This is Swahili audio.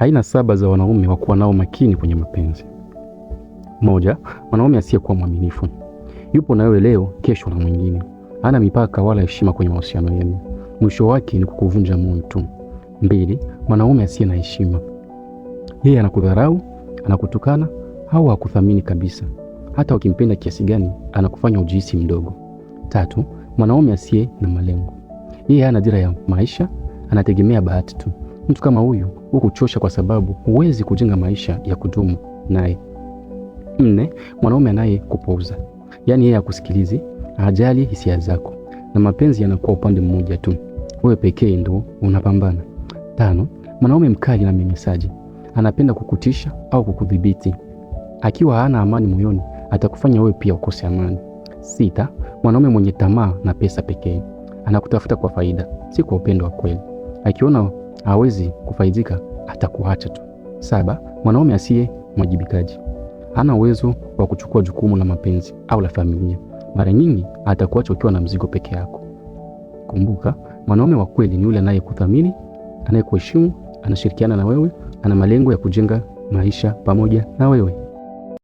Aina saba za wanaume wa kuwa nao makini kwenye mapenzi. Moja, mwanaume asiyekuwa mwaminifu. Yupo na wewe leo, kesho na mwingine. Hana mipaka wala heshima kwenye mahusiano yenu. Mwisho wake ni kukuvunja moyo tu. Mbili, mwanaume asiye na heshima. Yeye anakudharau, anakutukana au hakuthamini kabisa. Hata ukimpenda kiasi gani, anakufanya ujihisi mdogo. Tatu, mwanaume asiye na malengo. Yeye hana dira ya maisha, anategemea bahati tu. Mtu kama huyu hukuchosha kwa sababu huwezi kujenga maisha ya kudumu naye. Nne, mwanaume kupouza, yaani yeye akusikilizi, ajali hisia zako na mapenzi yanakuwa upande mmoja tu, wewe pekee ndo unapambana. Tano, mwanaume mkali na mnyanyasaji, anapenda kukutisha au kukudhibiti. Akiwa hana amani moyoni, atakufanya wewe pia ukose amani. Sita, mwanaume mwenye tamaa na pesa pekee, anakutafuta kwa faida, si kwa upendo wa kweli. Akiona hawezi kufaidika, atakuacha tu. Saba, mwanaume asiye mwajibikaji hana uwezo wa kuchukua jukumu la mapenzi au la familia. Mara nyingi atakuacha ukiwa na mzigo peke yako. Kumbuka, mwanaume wa kweli ni yule anayekuthamini, anayekuheshimu, anashirikiana na wewe, ana malengo ya kujenga maisha pamoja na wewe.